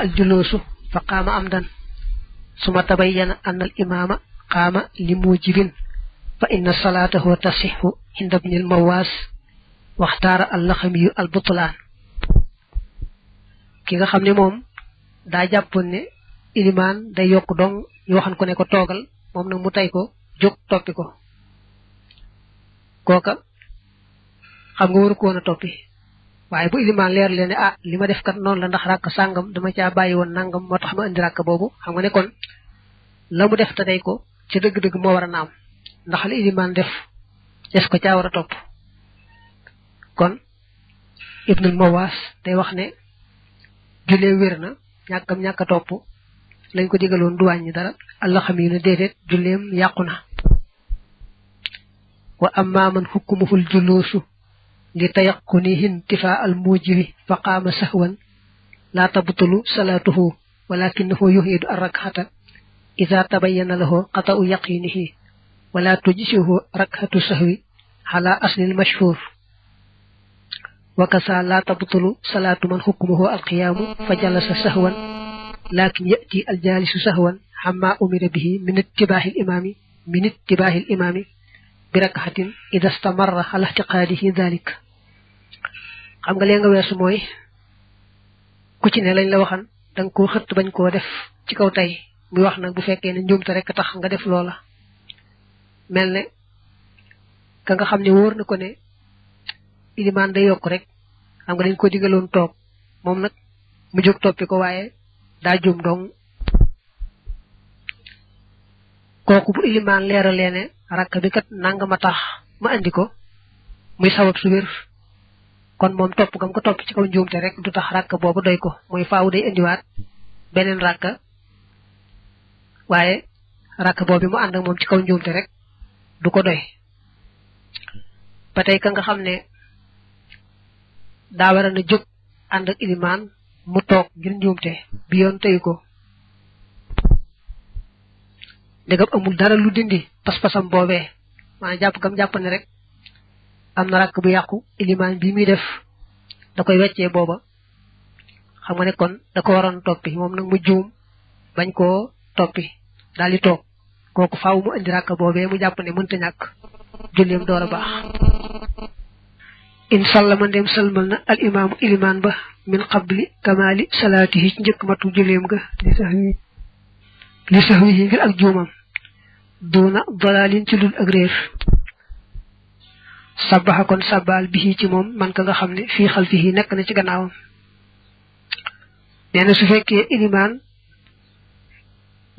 aljuluusu fa qaama amdan suma tabayyana anna al imaama qaama li muujibin fa inna salaatahu tasixu inda bni al mawaas waxtaara allaxamiyu al butlaan ki nga xam ne moom daa jàppoon ne ilimaan day yokk dong ñu waxan ko ne ko toogal moom nag mu tey ko jóg toppi ko kooka xam nga waru ko a toppi waaye bu ilimaan leer leen ne ah li ma def kat noonu la ndax ràkk sàngam dama caa bàyyi woon nangam moo tax ma indi ràkk boobu xam nga ne kon la mu def te day ko ca dëgg-dëgg moo war a naam ndax li ilimaan def def ko caa war a topp kon Ibnul Mawaas day wax ne jullee wér na ñàkkam ñàkk a topp lañ ko digaloon du dara allah xam yi ne déedéet julleem yàqu na wa amma man hukmuhul juluusu li tayaqqunihi intifaa al mujibi fa qaama sahwan laa tabtulu salaatuhu walakinahu yuhidu arrakxata ida tabayana lahu qata'u yaqinihi wala tujsihu rakhatu sahwi ala aslil mashhur wa kasa la tabtulu salatu man hukmuhu alqiyamu fa jalasa sahwan lakin ya'ti aljalisu sahwan amma umira bihi min ittibahi al imami min ittibahi al imami bi rakaxatin ida stamarra ala ixtiqaadihi dalik xam nga lee nga weesu mooy ku ne lañ la waxan danga koo xëtt bañ koo def ci kaw tey muy wax na bu fekkee ne njuumte rek tax nga def loola mel ne ka nga xam ni wóor na ko ne ilimaan day yokk rek xam nga dañ ko digaloon toog moom nag mu jóg toppi ko waaye daa juum dong kooku bu ilimaan leeralee ne rakk bi kat nangama tax ma andi ko muy sabab su wér kon moom topp gam ko topp ci kaw njuumte rek du tax rakk boobu doy ko mooy faaw day indiwaat beneen rakk waaye rakk boobu mu ànd ak moom ci kaw njuumte rek du ko doy ba tey ka nga xam ne daa war a na jóg ànd ak ilimaan mu toog ngir njuumte bi yoon teyu ko ndegam amul dara lu dindi pas-pasam boobee maanaam jàpp gam jàpp rek am na rakk bu yàqu ilimaan bi muy def da koy weccee booba xam nga ne kon da ko waroon toppi moom nag mu juum bañ koo toppi daal di toog kooku faaw mu indi rakk boobee mu jàpp mënta ñàkk julleem door a baax in sallama ndem salmal na al imaamu ilimaan ba min qabli kamaali salaatihi ci matu julleem ga di sax li sahwihi ngir ak juumam duuna dalaalin ci lul ak réer sabaxa kon sabaal bihi ci moom man ka nga xam ne fii xalfihi nekk na ci gannaawam nee na su fekkee ilimaan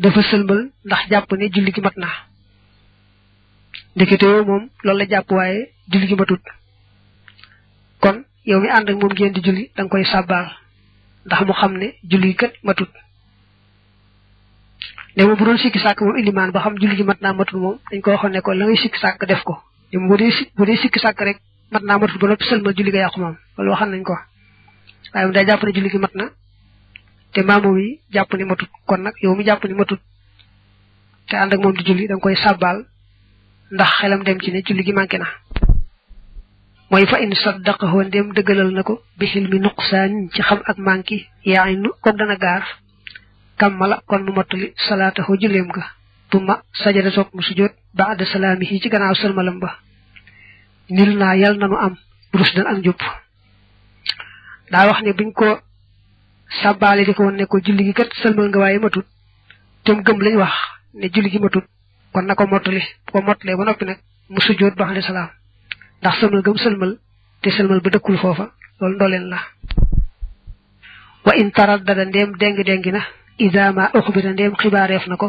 dafa sëlmal ndax jàpp ne julli gi mat na ndekete moom loolu la jàpp waaye julli gi matut kon yow mi ànd ak moom ngeen di julli da koy sabaal ndax mu xam ne julli gi kat matut ne moom bu doon sikki sàkk moom ilimaan ba xam julli ji mat naa matul moom dañ ko waxoon ne ko la ngay sikki sàkk def ko ne bu dee si bu sàkk rek mat naa matul ba noppi sëlmal julli ga yàqu moom loolu waxoon nañ ko waaye moom day jàpp ne julli gi mat na te maamu mi jàpp ne matut kon nag yow mi jàpp ne matut te ànd ak moom di julli da koy sabal ndax xelam dem ci ne julli gi manqué na mooy fa in saddaqahu ndem dëggalal na ko bixil mi nuqsaan ci xam ak manqué yaa ngi nu kooku dana gaar kammala kon mu mottali salaatahu julleem ga tumma sajada soog mu sujjóot baada salaamihi ci gannaaw sëlmalam ba nil naa yal nanu am rusdan ak njub daa wax ne biñ ko sàbbaale di ko woon ne ko julli gi kat sëlmal nga waaye matut tem gëm lañ wax ne julli gi matut kon na ko mottali bu ko mottalee ba noppi nag mu sujjóot baada salaam ndax sëlmal gëm sëlmal te sëlmal ba dëkkul foofa loolu ndooleen la wa in taraddada ndeem déng déngi na ida ma uxbira ndéem xibaareef na ko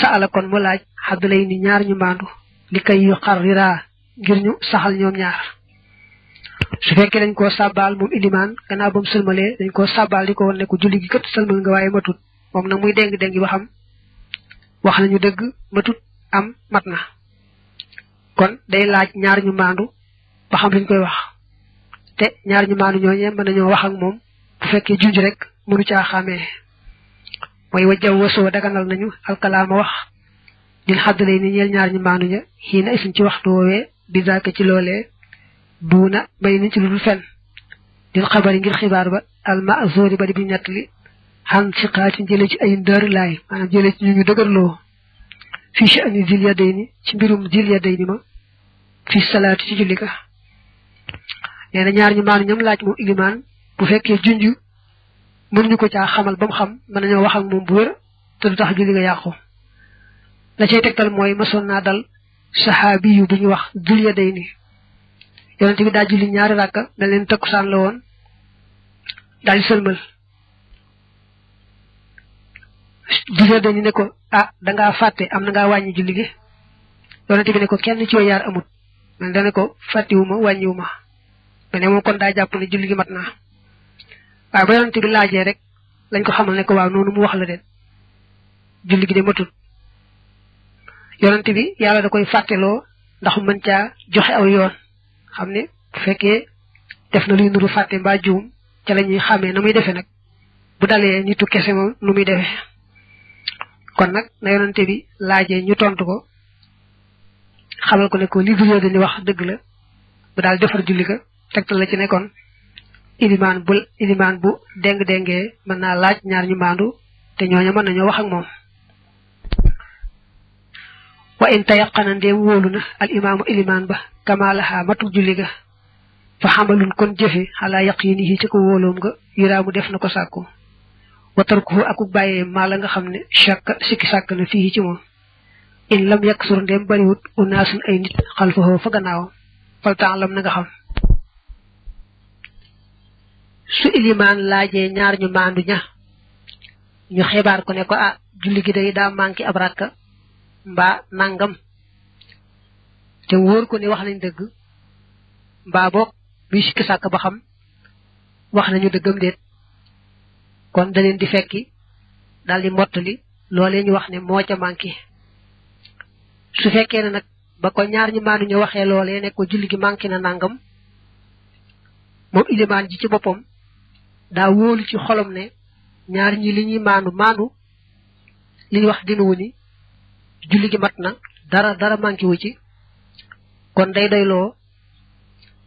saala kon mu laaj xaddalay ni ñaar ñu mbaandu li kay yu xarrira ngir ñu saxal ñoom ñaar su fekkee dañ koo sàbbaal moom indimaan gannaaw ba sëlmalee dañ koo sàbbaal di ko wan ko julli gi kat sëlmal nga waaye matut moom nag muy déng déng ba xam wax nañu dëgg matut am mat na kon day laaj ñaar ñu maandu ba xam liñ koy wax te ñaar ñu maandu ñooñee mën nañoo wax ak moom bu fekkee junj rek mënu caa xàmmee mooy wajjaw wasoo daganal nañu alkalaama wax ñun xaddalay ni ñeel ñaar ñu maanu ña xiina isin ci waxtu woowee bi zaaka ci loolee buuna bay nañ ci lu dul fenn dil xabar yi ngir xibaar ba alma azori bari bi ñettali xan si xaatin jële ci ay ndër laay maanaam jële ci ñu ñu dëgërloo fi sha'ni zil yadayni ci mbirum zil yadayni ma fi salaati ci julli ga nee ñaar ñu maanu ñam laaj moom ilimaan bu fekkee junju mënuñu ko caa xamal ba mu xam mën nañoo wax ak moom bu wér te du tax julli nga yàqu la cay tegtal mooy masoon naa dal saxaabi yu bu ñu wax dul ya day ni yonent bi daa julli ñaari ràkka mel la woon daal di sëlmal dul ya ne ko ah dangaa fàtte am na ngaa wàññi julli gi yonent bi ne ko kenn ci yaar amut man dana ko fàttiwuma wàññiwuma ma ne moom kon daa jàpp ne julli gi mat naa waaye ba yonent bi laajee rek lañ ko xamal ne ko waaw noonu mu wax la den julli gi de matul yonent bi yàlla da koy fàtteloo ndax mën caa joxe aw yoon xam ne bu fekkee def na luy nuru fàtte mbaa juum ca la ñuy xàmmee na muy defee nag bu dalee nitu kese moom nu muy defee kon nag na yonent bi laajee ñu tontu ko xamal ko ne ko li du dañu wax dëgg la bu daal defar julli ga tegtal la ci nekkoon ilimaan bu ilimaan bu déng-déngee mën naa laaj ñaar ñu maandu te ñooña mën nañoo wax ak moom wa in tayaqana ndéem wóolu na al ilimaan ba kamaalaha matuk julli ga fa xamalun kon jëfe xalaa yaqinihi ci ko wóoloom nga yiraamu def na ko sàkku wa tarkuhu akuk bàyyee maa nga xam ne shakka sikki sàkk na fii ci moom in lam yaksur ndéem bariwut unaasun ay nit xalfahoo fa gannaawam faltaalam na nga xam su ilimaan laajee ñaar ñu maandu ña ñu xibaar ko ne ko ah julli gi day daa manqué ab rakk mbaa nangam te wóor ko ni wax nañ dëgg mbaa boog muy sikki sàkk ba xam wax nañu dëggam déet kon da di fekki daal di mbott li loolee ñu wax ne moo ca manqué su fekkee ne nag ba ko ñaar ñu maandu ñu waxee loolee ne ko julli gi manqué na nàngam moom ilimaan ji ci boppam daa wóolu ci xolam ne ñaar ñi li ñuy maandu maandu li wax dina wu ni julli gi mat na dara dara manqué wu ci kon day doyloo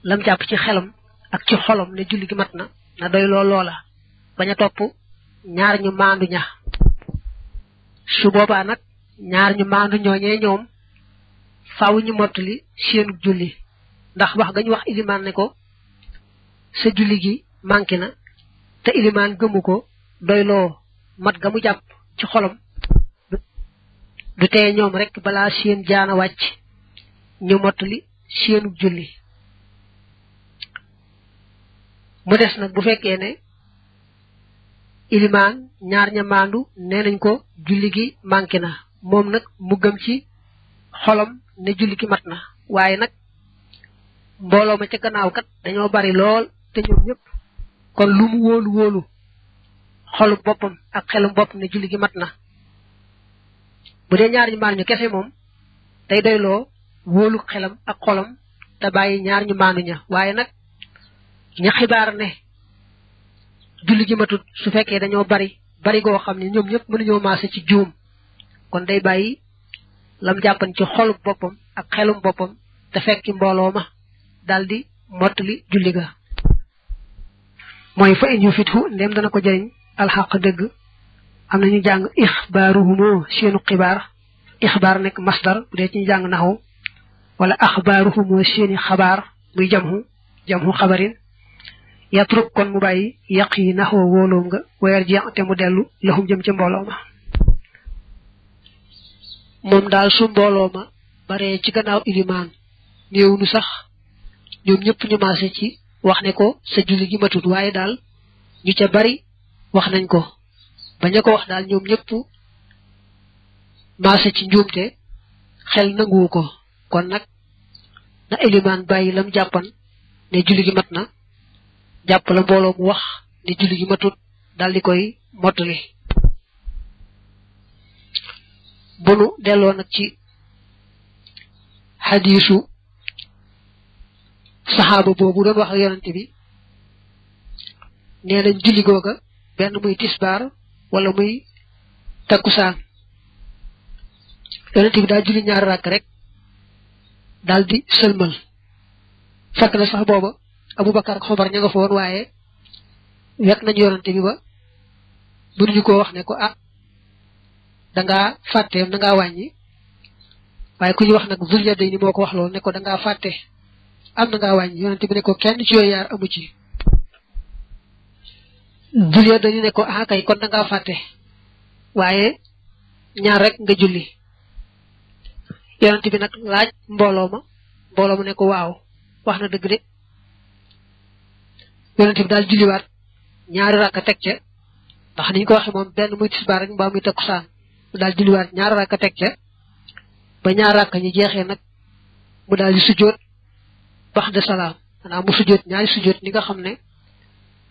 lam jàpp ci xelam ak ci xolam ne julli gi mat na na doyloo loola bañ a topp ñaar ñu maandu ña su boobaa nag ñaar ñu maandu ñooñee ñoom faaw ñu mottali seenu julli ndax wax gañu wax ilimaan ko sa julli gi manqué na te ilimaan gëmu ko doyloo mat ga mu jàpp ci xolom du tee ñoom rekk balaa seen jaana wàcc ñu mottali seenu julli mu des nag bu fekkee ne ilimaan ñaar ña maandu nee nañ ko julli gi manqué na moom nag mu gëm ci xolom ne julli gi mat na waaye nag mbooloo ma ca gannaaw kat dañoo bari lool te ñoom ñëpp kon lu mu wóolu wóolu xolu boppam ak xelum boppam ne julli gi mat na bu dee ñaar ñu maanu ñu kese moom day doyloo wóolu xelam ak xolam te bàyyi ñaar ñu maanu ña waaye nag ña xibaar ne julli gi matut su fekkee dañoo bari bari goo xam ne ñoom ñëpp mënuñoo maase ci juum kon day bàyyi lam jàppan ci xolu boppam ak xelum boppam te fekki mbooloo ma daldi mottali julli ga mooy fa in yu fithu ndem dana ko jëriñ alxaq dëgg am na ñu jàng ixbaaruhumoo seenu xibaar ixbaar nekk masdar bu dee ci ñu jàng naxu wala axbaaruhumoo seeni xabaar muy jamhu jamhu xabarin yatruk kon mu bàyyi yàq yi naxoo wóoloom nga weer jeex te mu dellu laxum jëm ca mbooloo moom daal su mbooloo ma ci gannaaw ilimaan néew sax ñoom ñëpp ñu maase ci wax ne ko sa julli gi matut waaye daal ñu ca bari wax nañ ko bañ a ko wax daal ñoom ñëpp maase ci njuumte xel nanguwu ko kon nag na élimaan bàyyi lam jàppan ne julli gi mat na jàpp la mbooloo mu wax ne julli gi matut daal di koy mottali bu nu delloo nag ci xadiisu saxaaba boobu doon wax ak yonante bi nee nañ julli googa benn muy tisbaar wala muy takkusaan yonante bi daa julli ñaari ràkk rek daal di sëlmal fekk na sax booba Abubakar ak Umar ña nga waaye wekk nañ yonante bi ba mënuñu koo wax ne ko ah dangaa fàtte dangaa wàññi waaye ku ñu wax nag Zul Yadayni moo ko wax loolu nekko ko fàtte am na ngaa wàññi yonent bi nekkoo ko kenn ci yooyu yaar amu ci julli dañu ne ko ah kay kon da ngaa waaye ñaar rek nga julli yonent bi nag laaj mbooloo ma mbooloo ma ne ko waaw wax na dëgg de yonent bi daal julliwaat ñaari rakka teg ca ndax niñ ko waxe moom benn muy tisbaar rek mbaa muy takkusaan mu daal julliwaat ñaari rakka teg ca ba ñaar rakka ñu jeexee nag mu daal di baxda salaam maanaam mu sujjoot ñaari sujjoot ni nga xam ne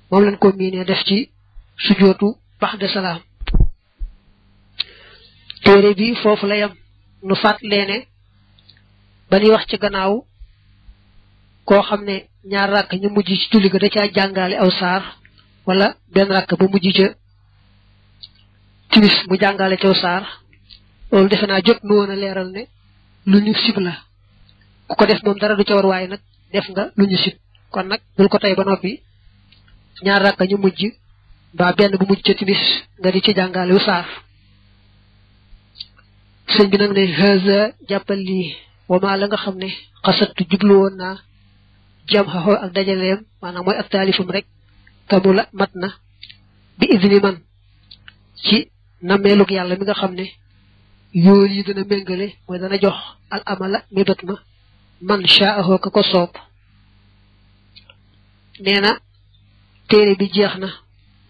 moom lañ ko miinee def ci sujjootu baxda salaam téere bi foofu la yam nu faat leene ba ñuy wax ci gannaaw koo xam ne ñaar rakk ñu mujj ci julli ga da caa jàngale aw saar wala benn rakk ba mujj ca timis mu jàngale ci aw saar loolu defe naa jot nu woon a leeral ne lu ñu sib la ku ko def moom dara du ca war waaye nag def nga lu ñu kon nag bul ko tey ba noppi ñaar rakka ñu mujj ba benn bu mujj ca timis nga di ci jàngale wu saar sëñ bi nag ne haza jàppal lii la nga xam ne xasattu jublu woon naa jam xaxoo ak dajaleem maanaam mooy ak taalifam rek tamula mat na bi idni man ci nammeelug yàlla mi nga xam ne yool yi dana méngale mooy dana jox al amala mi bat man shaahu ko soob nee téere bi jeex na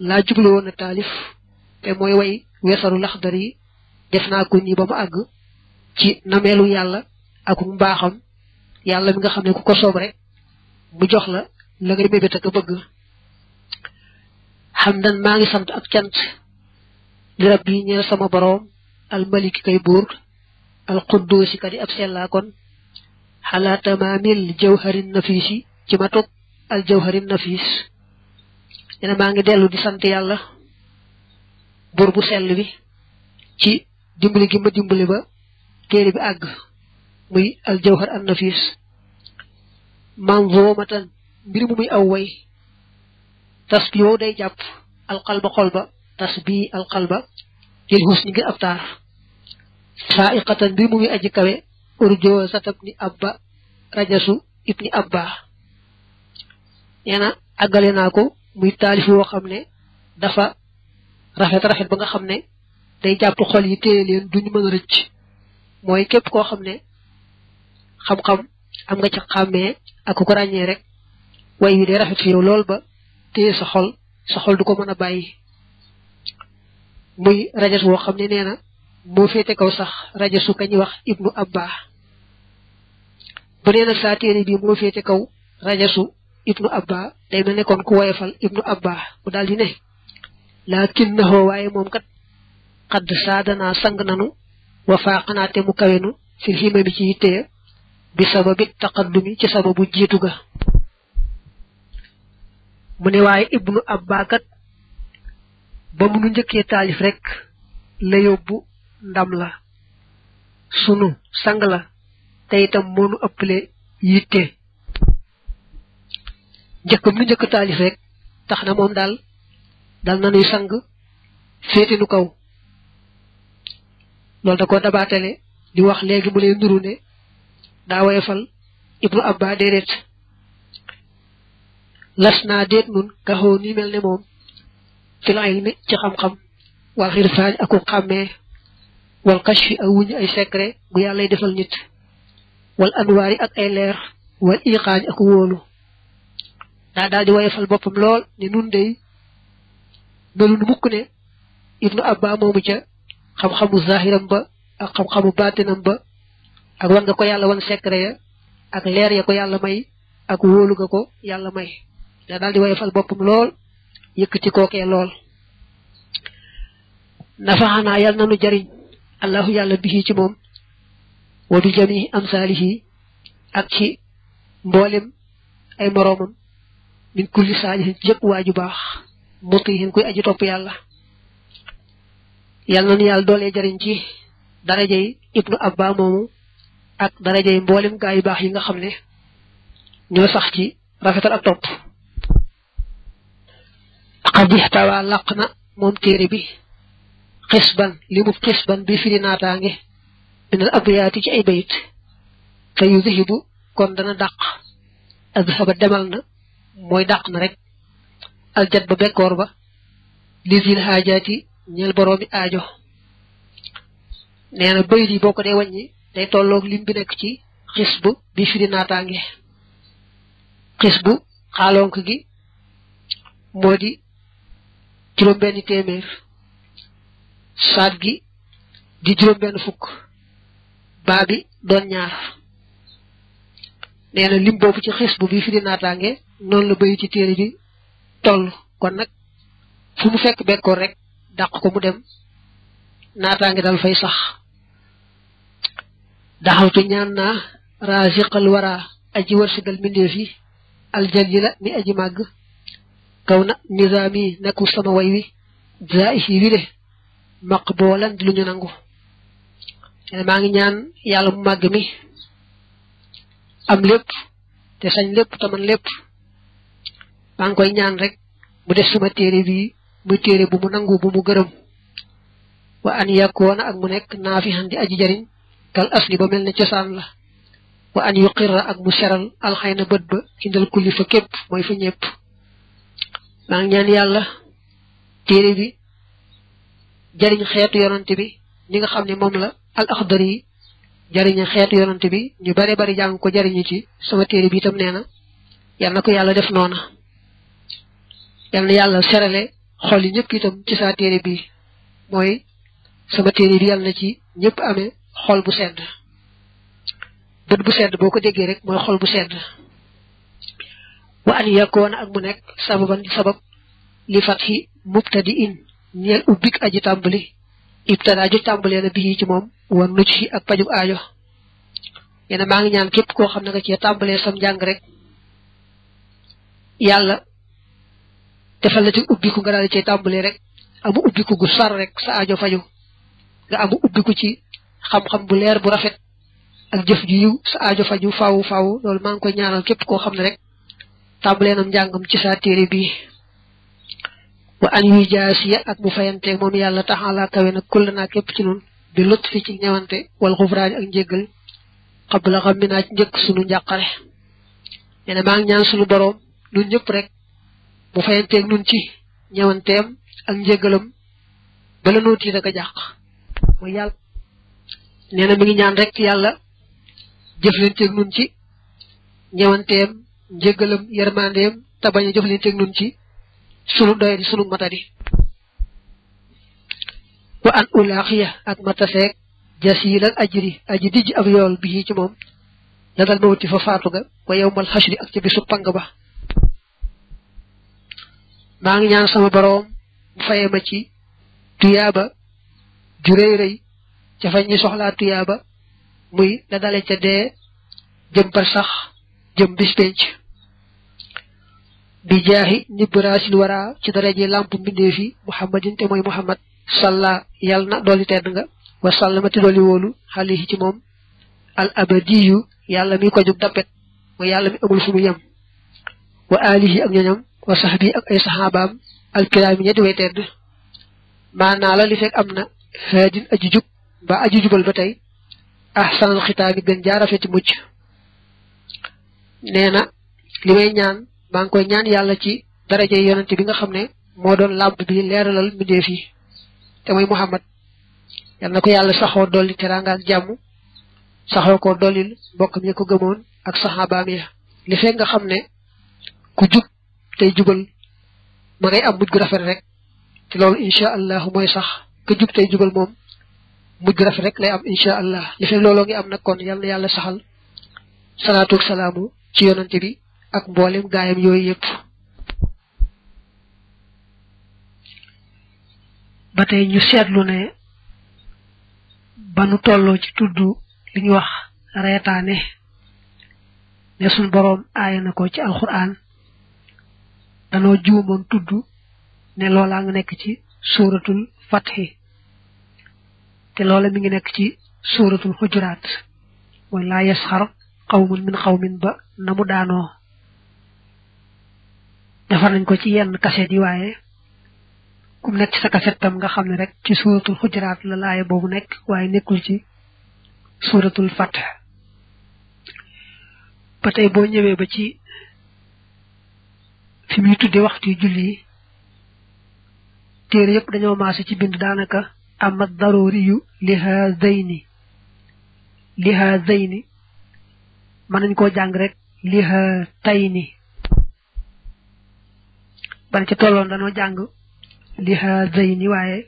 laa jublu woon a taalif te mooy way weesaru laxdar yi def naa ko nii ba mu àgg ci nameelu yàlla ak mbaaxam yàlla mi nga xam ne ku ko soob rek bu jox la la ngay mébét ak a bëgg xam dan maa ngi sant ak cant li rab yi ñeel sama boroom almaliki kay buur alxudduusi kat yi ab sellaa kon xalaa tamaamil jawharin nafiisi ci ma toog al jawharin nafiis dina maa ngi dellu di sant yàlla buur bu sell bi ci dimbali gi ma dimbali ba téere bi àgg muy al jawhar an nafiis maam voomatan mbir mu muy aw way tas bi wow day jàpp alxalba xol ba tas bii alxalba lil xus ni ngir ab taar saa mbir mu muy aji kawe urjo satab ni abba rajasu ibni abba nee na naa ko muy taalif woo xam ne dafa rafet rafet ba nga xam ne day jàpp xol yi téye leen duñu mën a rëcc mooy képp koo xam ne xam-xam am nga ci xàmmee ak ku ko ràññee rek way wi day rafet fi lool ba téye sa xol sa xol du ko mën a bàyyi muy rajas woo xam ne nee na moo féete kaw sax rajasu ka ñuy wax ibnu abba bu dee nag saa bii moo féete kaw rajasu ibnu abba day mel ne kon ku woyofal ibnu abba mu daal di ne laakin naxoo waaye moom kat xadd saadanaa sang nanu wa faaqanaa te mu kawenu fil himami ci yittee bi sababi taqaddumi ci sababu jiitu ga mu ne waaye ibnu abba kat ba mu nu njëkkee taalif rek la yóbbu ndam la sunu sang la te itam moonu ëppale yitte njëkkam lu njëkk taalif rek tax na moom daal dal nanuy sang féete nu kaw loolu da ko dabaatale di wax léegi mu lay nuru ne daa woyofal ibnu abba déedéet las naa déet nun kaxoo ni mel ne moom fil ilmi ci xam-xam wal ak aku xàmmee wal kashfi aw wuñu ay secret bu yàllay defal nit wala anwaari ak ay leer wal iqaani ak wóolu daa daal di fal boppam lool ne nun dey melun mukk ne ibnu abba moomu ca xam-xamu zahiram ba ak xam-xamu baatinam ba ak wan nga ko yàlla wan secret ya ak leer ya ko yàlla may ak wóolu nga ko yàlla may daa daal di fal boppam lool yëkkati kookee lool nafaxanaa yàlla nanu jariñ allahu yàlla bihi ci moom wa bi jamii amsaalihi ak ci mboolem ay moroomam min kulli saalihin ci yëpp waaju baax mutihin koy aji topp yàlla yàlla na nu yàlla doolee jariñ ci darajay ibnu abba moomu ak darajay mboolem gaa yu baax yi nga xam ne ñoo sax ci rafetal ak topp xadixtawaa làq na moom téere bi xisban li mu bi firi naataange minal abyaati ci ay bayit fa yudhibu kon dana dàq adhaba demal na mooy dàq na rek aljat ba bekkoor ba lisil haajaati ñeel boroomi aajo nee bayit yi boo ko dee wàññi day tolloog lim bi nekk ci xisbu bi firi naataange xisbu xaalonk gi moo di juróom-benni téeméer saat gi di juróom-benn fukk baa bi doon ñaar nee na lim boobu ci xis bu bi fi di naataange noonu la bayu ci téere bi toll kon nag fu mu fekk bekkoor rek dàq ko mu dem naataange dal fay sax daxawtu ñaan naa raziqal wara aji wërsëgal mbindeef yi aljalila mi aji màgg kaw na nizaami nekku sama way wi jaihi wi de maq boolan di lu ñu nangu maa ngi ñaan yàlla mu màgg mi am lépp te sañ lépp te lépp maa ngi koy ñaan rek mu def suma téere bi muy téere bu mu nangu bu mu gërëm wa an yàkkoona ak mu nekk naafihan di aji jariñ kal asli ba mel ne cosaan la wa an yuqirra ak mu seral alxay na bët ba indal kulli fa képp mooy fa ñépp maa ngi ñaan yàlla téere bi jariñ xeetu yonante bi li nga xam ne moom la al axdari yi jariñu xeetu yonante bi ñu bare bari jàng ko jariñu ci sama téere bi itam nee na yal na ko yàlla def noona yal na yàlla serale xool yi ñëpp itam ci saa téere bi mooy sama téere bi yal na ci ñëpp amee xool bu sedd bët bu sedd boo ko déggee rek mooy xol bu sedd wa an yakoona ak mu nekk sababan sabab li fatxi mubtadi in ñeel ubbik aji tàmbali ibtadaa ju tàmbalee na bii ci moom war nuj si ak pajub aajo ajo na maa ngi ñaan képp koo xam ne nga cee tàmbalee sam njàng rek yàlla defal la ci ubbiku nga daal di cee rek amu ubbiku gu sar rek sa ajo faju nga amu ubbiku ci xam-xam bu leer bu rafet ak jëf ju yiw sa aajo faju faaw faaw loolu maa ngi koy ñaanal képp koo xam ne rek tàmbalee nam njàngam ci saa téere bii wa an yu jaasiya ak mu fayanteeg moom yàlla taxalaa kawe na kull naa képp ci nun bi lut fi ci ñewante wal xufraani ak njéggal xabla xam mi naa ci njëkk sunu njàqare nee na maa ngi ñaan sunu boroom rek mu fayanteeg nun ci ñewanteem ak njéggalam bala noo tiit ak jàq mooy yàlla mi ngi ñaan rek yàlla jëflanteeg nun ci ñewanteem njéggalam yermandeem te bañ a jëflanteeg nun ci sunu doye di sunu matadi wa an ulaaxiya ak mataseek jasiilal ajri aji ab yool bi ci moom ladal mawti fa faatu ga wa yowmal xashri ak ca bisu pang ba maa ngi ñaan sama boroom faye ma ci tuyaaba ju rëy rëy ca fa ñi soxlaa tuyaaba muy la dale ca dee jëm bar sax jëm bis bi jaahi nibraasil wara ci daraje lamp mbindeef yi muhammadin te mooy muhammad salla yàlla na dooli tedd nga wa sallama te dooli wóolu xalihi ci moom al abadiyu yàlla mi ko jug dappet mooy yàlla mi amul fu mu yem wa alihi ak ñoñam wa sahbi ak ay saxaabaam alkiraami ñetti way tedd maanaa la li fekk am na haadin aji jub mbaa aji jubal ba tey ahsanal xitaami gën jaarafeti mucc nee na li may ñaan maa ngi koy ñaan yàlla ci daraje yonent bi nga xam ne moo doon làmb bi leeralal mbindeef yi te mooy Muhammad yal na ko yàlla saxoo dolli teraanga ak jàmm saxoo ko dollil mbokk mi ko gëmoon ak saxaabaam ya li fekk nga xam ne ku jub tey jubal ma loolu incha sax ku jub tey jubal moom mujj gu rafet rek lay am incha allah li fekk looloo ngi am nag kon yal yàlla saxal salaatu ak salaamu ci yonante bi ak mboolem gaayam yooyu yëpp ba tey ñu seetlu ne ba nu tolloo ci tudd li ñu wax reetaane ne suñ boroom aaya na ko ci alxuraan danoo juumoon tudd ne loolaa nga nekk ci suuratul fatxi te loola mi ngi nekk ci suuratul xujuraat mooy laa yasxar xawmun min xawmin ba na mu daanoo defar nañ ko ci yenn kaset yi waaye kum nekk ci sa kaset tam nga xam ne rek ci suuratul xujaraat la boobu nekk waaye nekkul ci suuratul fath ba tey boo ñëwee ba ci fi muy tudde waxtu yu julli yi téere yëpp dañoo maase ci bind daanaka ama daroori yu liha zeyni mën nañ koo jàng rek liha tayni ban ca tolloon dañoo jàng liha zay ni waaye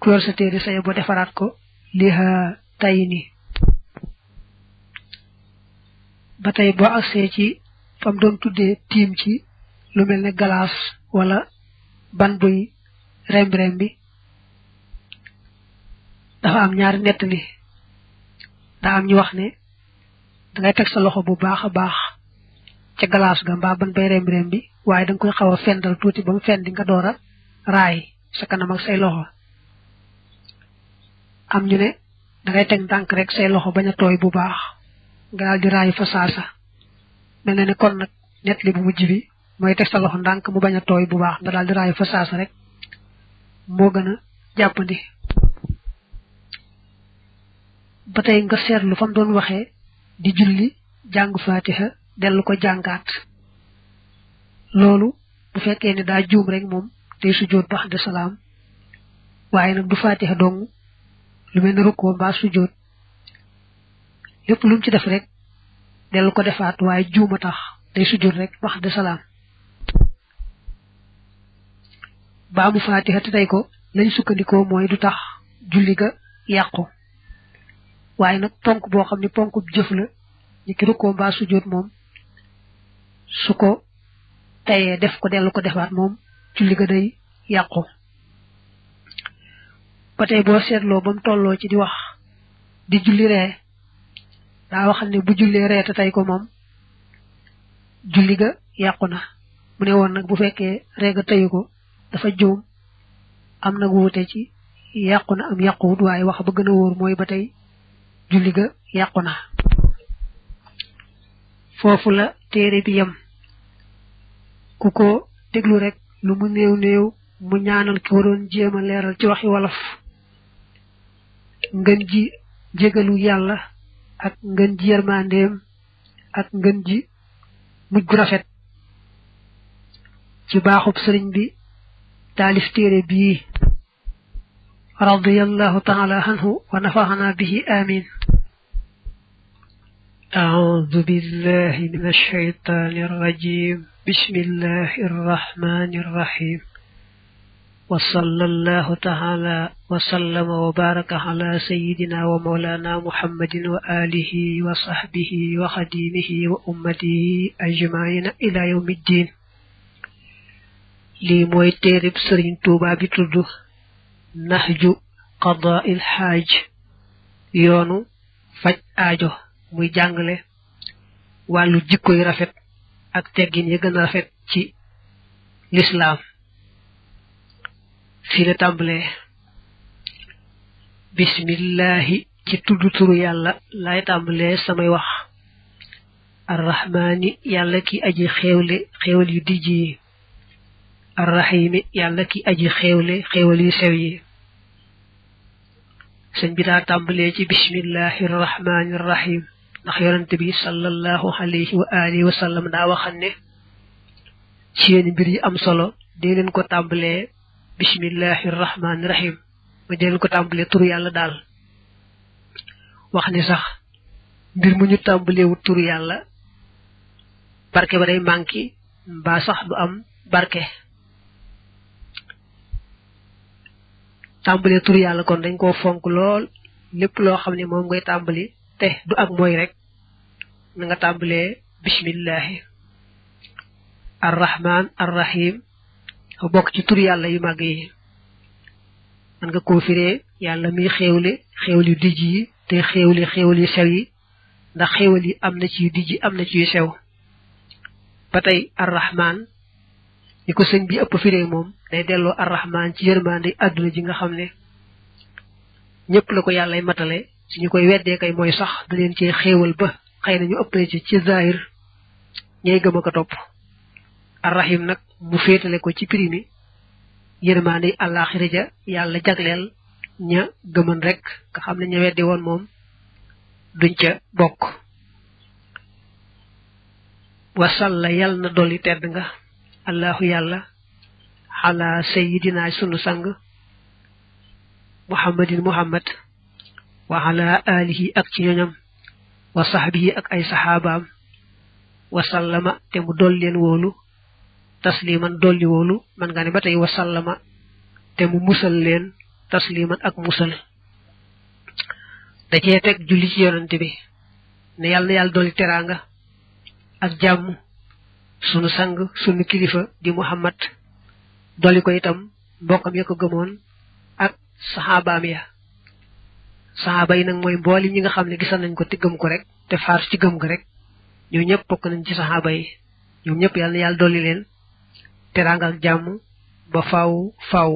ku yor sa bo defaraat ko liha tay ni ba tey boo agsee ci fam doon tuddee tiim ci lu mel ne galaas wala ban buy rem-rem bi dafa am ñaari nett li daa am ñu wax ne dangay teg sa loxo bu baax a baax ca galaas ga mbaa ban bay rembi rembi waaye da nga koy xaw a fendal tuuti ba mu fendi nga doora a raay sa kanam ak say loxo am ñu ne dangay teg ndànk rek say loxo bañ a tooy bu baax nga daal di raayu fa saasa mel na ne kon nag net li bu bi mooy teg sa loxo ndànk mu bañ a tooy bu baax nga daal di raayu fa rek moo gën a jàppandi ba tey nga seetlu fa doon waxee di julli jàng faatiha dellu ko jàngaat loolu bu fekkee ne daa juum rek moom day sujjóot ba de salaam waaye nag du faatiha dong lu mel ne rukkoo mbaa sujjóot lépp lu mu ci def rek dell ko defaat waaye juuma tax day sujjóot rek ba de salaam baa mu faatiha te tey ko lañ sukkandikoo mooy du tax julli ga yàqu waaye nag ponk boo xam ne ponk bu jëf la ñu ki rukkoo mbaa sujjóot moom su ko tayee def ko dellu ko defaat moom julli ga day yàqu ba tey boo seetloo ba mu tolloo ci di wax di julli ree daa waxal ne bu jullee ree te tey ko moom julli ga yàqu na mu ne woon nag bu fekkee ree ga teyu ko dafa juum am nag wuute ci yàqu na am yàquwut waaye wax ba gën a wóor mooy ba tey julli ga yàqu na foofu la téere bi yem ku ko déglu rekk lu mu néew néew mu ñaanal ki waroon jéem leeral ci waxi wolof ngën ji jégalu yàlla ak ngën ji yërmandeem ak ngën ji mujj gu rafet ci baaxub sëriñ bi taalif téere bii radiyallahu taala anhu wa nafaxana bihi amin أعوذ بالله من الشيطان الرجيم بسم الله الرحمن الرحيم وصلى الله تعالى وسلم وبارك على سيدنا ومولانا محمد وآله وصحبه وخديمه وأمته أجمعين إلى يوم الدين lii mooy téereb sëriñ tuubaa bi tudd naxju qadaa il xaaj yoonu faj aajo muy jàngale wàllu jikko yu rafet ak teggin yi gën rafet ci lislaam fi la tàmbalee bismillahi ci tudd turu yàlla laay tàmbalee samay wax arrahmaani yàlla ki aji xéewle xéewal yu dijj yi arrahimi yàlla ki aji xéewle xéewal yu sew yi sëñ bi daa tàmbalee ci bismillahi arrahmaani arrahim ndax yonent bi sallallahu alayhi wa alihi wa sallam daa waxan ne ci yéen mbir yi am solo dee leen ko tàmbalee bismillahi rahmaani rahim ma dee ko tàmbalee tur yàlla daal wax sax mbir mu ñu tàmbaleewut tur yàlla barke ba day manqué mbaa sax du am barke tàmbalee tur yàlla kon dañ koo fonk lool lépp loo xam ne moom ngay tàmbali te du ak mooy rek na nga tàmbalee bismillahi arrahman arrahim a bokk ci tur yàlla yu màgg yi man nga koo firee yàlla muy xéewle xéewal yu dijj yi te xéewle xéewal yu sew yi ndax xéewal yi am na ci yu dijj am na ci yu sew ba tey arrahman ñi ko sëñ bi ëpp firee moom day delloo arrahman ci yërmande àdduna ji nga xam ne ñëpp la ko yàllay matale su ñu koy weddee kay mooy sax da leen cee xéewal ba xëy na ñu ëppee ci ci zahir ñay gëm a topp arrahim nag mu féetale ko ci primi yërmaande àllaaxira ja yàlla jagleel ña gëman rek nga xam ne ña weddi woon moom duñ ca bokk wasalla yal na dolli tedd nga allahu yàlla ala sayidina sunu sang muhammadin muhammad wa alihi ak ci ñoñam wa saxbi ak ay saxaabaam wasallama te mu dolli leen wóolu tasliman dolli wóolu man nga ni ba tey wasallama te mu musal leen tasliman ak musal da cee teg julli ci yonent bi ne yàlla na yàlla dolli teraanga ak jàmm sunu sang sunu kilifa di muhammad dolli ko itam mbokkam ya ko gëmoon ak saxaabaam ya saxaaba yi nag mooy mbooli ñi nga xam ne gisoon nañ ko te gëm ko rek te faar ci gëm ko rek ñoo ñëpp bokk nañ ci saxaaba yi ñoom ñëpp yàlla na yàlla dolli leen teraanga ak jàmm ba faaw faaw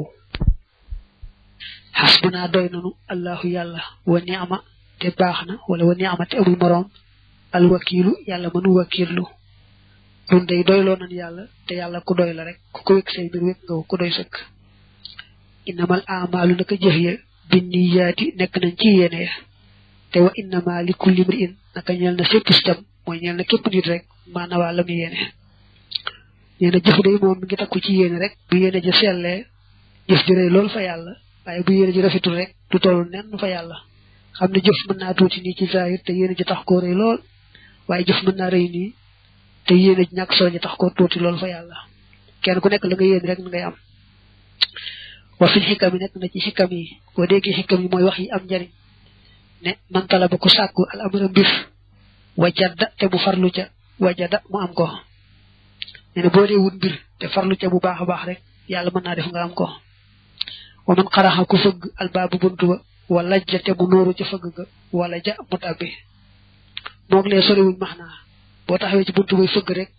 xasbuna doy nanu allahu yàlla wa ni'ama te baax na wala wa ni'ama te amul moroom alwakiilu yàlla mënu wakiirlu ñun day doyloo nañ yàlla te yàlla ku doy la rek ku ko wékk say mbir wékk nga ku doy sëkk inamal amaalu naka jëf binniyaati nekk na ci yéene te wa innama li kulli mri'in naka ñeel na sépp si tam mooy ñeel na képp nit rek maanaam waa la mu yéene nee na jëf moom ngi takku ci yéene rek bu yéene ji sellee ji rëy loolu fa yàlla waaye bu yéene ji rafetul rek du toll nenn fa yàlla xam ne jëf mën naa tuuti nii ci zahir te yéene ji tax koo rëy lool waaye jëf mën naa rëy nii te yéene ji ñàkk solo ji tax koo tuuti loolu fa yàlla kenn ku nekk la nga yéene rek ngay am wa fil xikam yi nekk na ci xikam yi boo déggee xikam yi mooy wax yi am njariñ ne man talaba ku sàkku al amra mbir wajada te mu farlu ca wajada mu am ko nee na boo dee wut mbir te farlu ca bu baax a baax rek yàlla mën naa def nga am ko wa man xaraxa ku fëgg albaabu buntu ba wala ja te ca fëgg wala ja mu tàbbi moog lee soriwul max naa boo taxawee ci buntu bay fëgg rek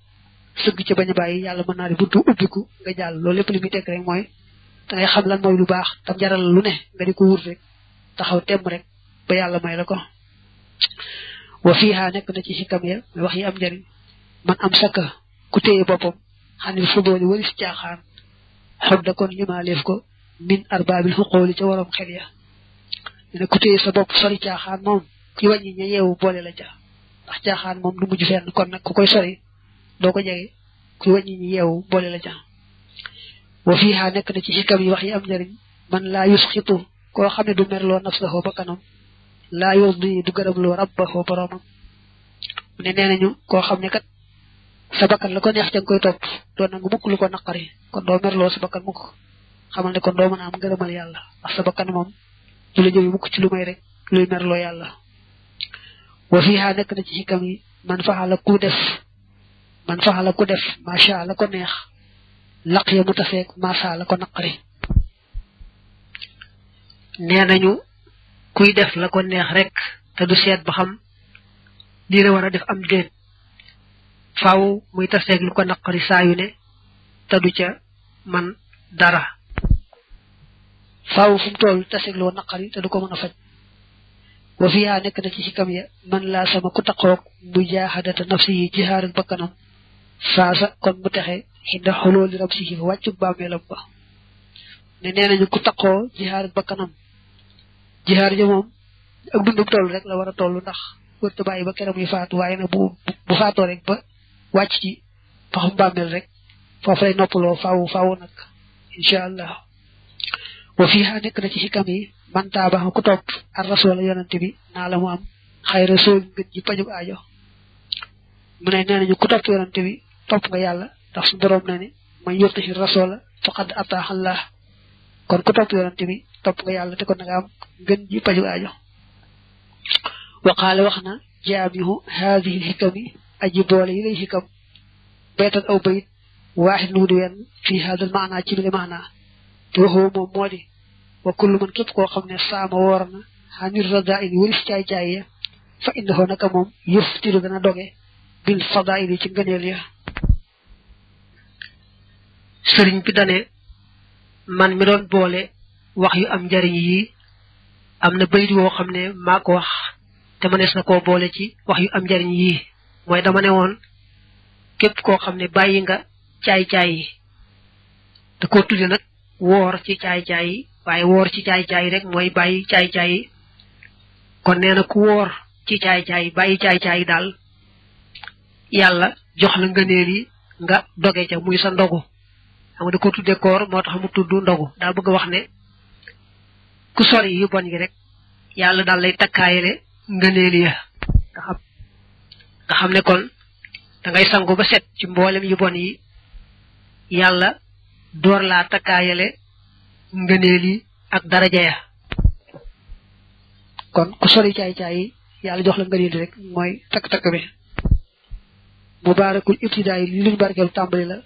sëgg ca bañ a bàyyi yàlla mën naa def buntu ubbiku nga jàll loolu lépp li muy tekk rek mooy da ngay xam lan mooy lu baax tam jaral lu ne nga di ko wut rek taxaw temm rek ba yàlla may la ko wa fiiha nekk na ci xikam ya wax yi am njariñ man am sakka ku téye boppam xam ne fudooli waris caaxaan xob da kon limaaleef ko min arbaabil xuqooli ca waroom xel ya ne ku téye sa bopp sori caaxaan moom ki wàññi ña yeewu boole la ca ndax caaxaan moom du mujj fenn kon nag ku koy sori doo ko jege ku wàññi ñi yeewu boole la ca wa fiiha nekk na ci xikam yi wax yi am njëriñ man laa yusxitu koo xam ne du merloo nafsahu ba kanam laa yurdi du gërëmloo rabbahu boroomam mu ne nee ñu koo xam ne kat sa bakkan la ko neex ca nga koy topp doo nangu mukk lu ko naqari kon doo merloo sa bakkan mukk xamal ne kon doo mën a am ngërëmal yàlla ndax sa bakkan moom du la jëwi mukk ci lu may rek luy merloo yàlla wa fiiha nekk na ci xikam yi man faxala ku def man faxala ku def macha la ko neex laq ya mu taseeg masa la ko naqari nee nañu kuy def la ko neex rek te du seet ba xam lii la war a def am déet faw muy taseeg lu ko naqari saa yu ne te du ca man dara faaw fu mu toll taseeg loo naqari te du ko mën a faj wa fiyaa nekk na ci xikam ya man laa sama ku taqoog mu jaaxadata nafsi yi jihaar ak bakkanam faasa kon mu texe xinda xoloo li rab si wàccu bàmmeelam ba ne nee nañu ku taqoo jihaar bakkanam jihaar ja moom ak dundub toll rek la war a toll ndax wërta bàyyi ba keram muy faatu waaye nag bu bu rek ba wàcc ci paxum bàmmeel rek foofu lay noppaloo faaw faaw nag incha allah wa fiiha nekk na ci xikam yi man ku topp ar rasul yonante bi naa la mu am xayra soo ngën ji pajub aajo mu ne nee nañu bi topp nga yàlla ndax su borom na ne man yuti'i rasula faqad ataaha Allah kon ku topp yonante bi topp nga yàlla te kon nga am gën ji paju aajo wax na jaamihu haadihi lxikami aji boole yi lay aw bayit waaxid nu di wenn fii maana ci bile maana te waxoo moom moo di man képp koo xam ne saama woor na xanir walis caay-caay ya fa indaxoo moom yëf tiru doge bil fadaili ci ngëneel ya sëriñ bi dane man mi doon boole wax yu am njariñ yi am na bayit woo xam ne maa ko wax te mënees na koo boole ci wax yu am njariñ yii mooy dama ne képp koo xam ne bàyyi nga caay-caay yi da koo tudde nag woor ci caay-caay yi woor ci caay yi rek mooy bàyyi caay-caay kon nee ku woor ci caay-caay yi bàyyi caay-caay yi daal yàlla jox la ngëneel yi nga doge ca muy sa ndogu xam nga moo tax mu tudd ndogu daa bëgg a wax ne ku sori yu bon yi rek yàlla daal lay takkaayale ngëneel ya nga xam ne kon da ngay sangu ba set ci mboolem yu bon yi yàlla door laa takkaayale ngëneel yi ak daraja ya kon ku sori caay caay yi yàlla jox la ngëneel rek mooy takk takk bi mubaarakul ibtidaay li luñ barkeelu tàmbali la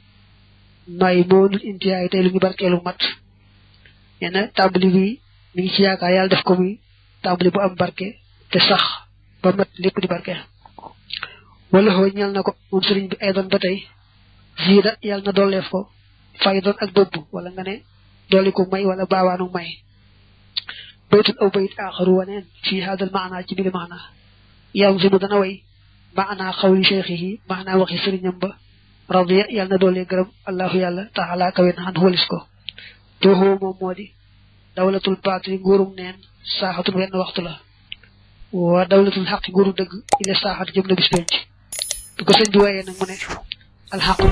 nooy boo dul intiyaay tey lu ñu barkeelu mat nee na bi mi ci yaakaar yàlla def ko muy tàmbali bu am barke te sax ba mat lépp di barke wala xoo ñal na ko moom sëriñ bi ay ba tey ziida yàlla na dooleef ko fay doon ak bëbb wala nga ne doole ko may wala baawaanu may baytul aw bayit aaxaru waneen fii haadal maanaa ci bili maanaa yam si mu dana way maanaa xawli cheikh yi maanaa waxi sëriñam ba radiya yàlla na doole gërëm allahu yàlla taala kawe na xan walis ko te waxoo moom moo di dawlatul baatili nguurum neen saaxatul wenn waxtu la waa dawlatul xaq nguuru dëgg ila saaxat jëm na bis penc bi ko sëñ bi wayee nag mu ne alxaqu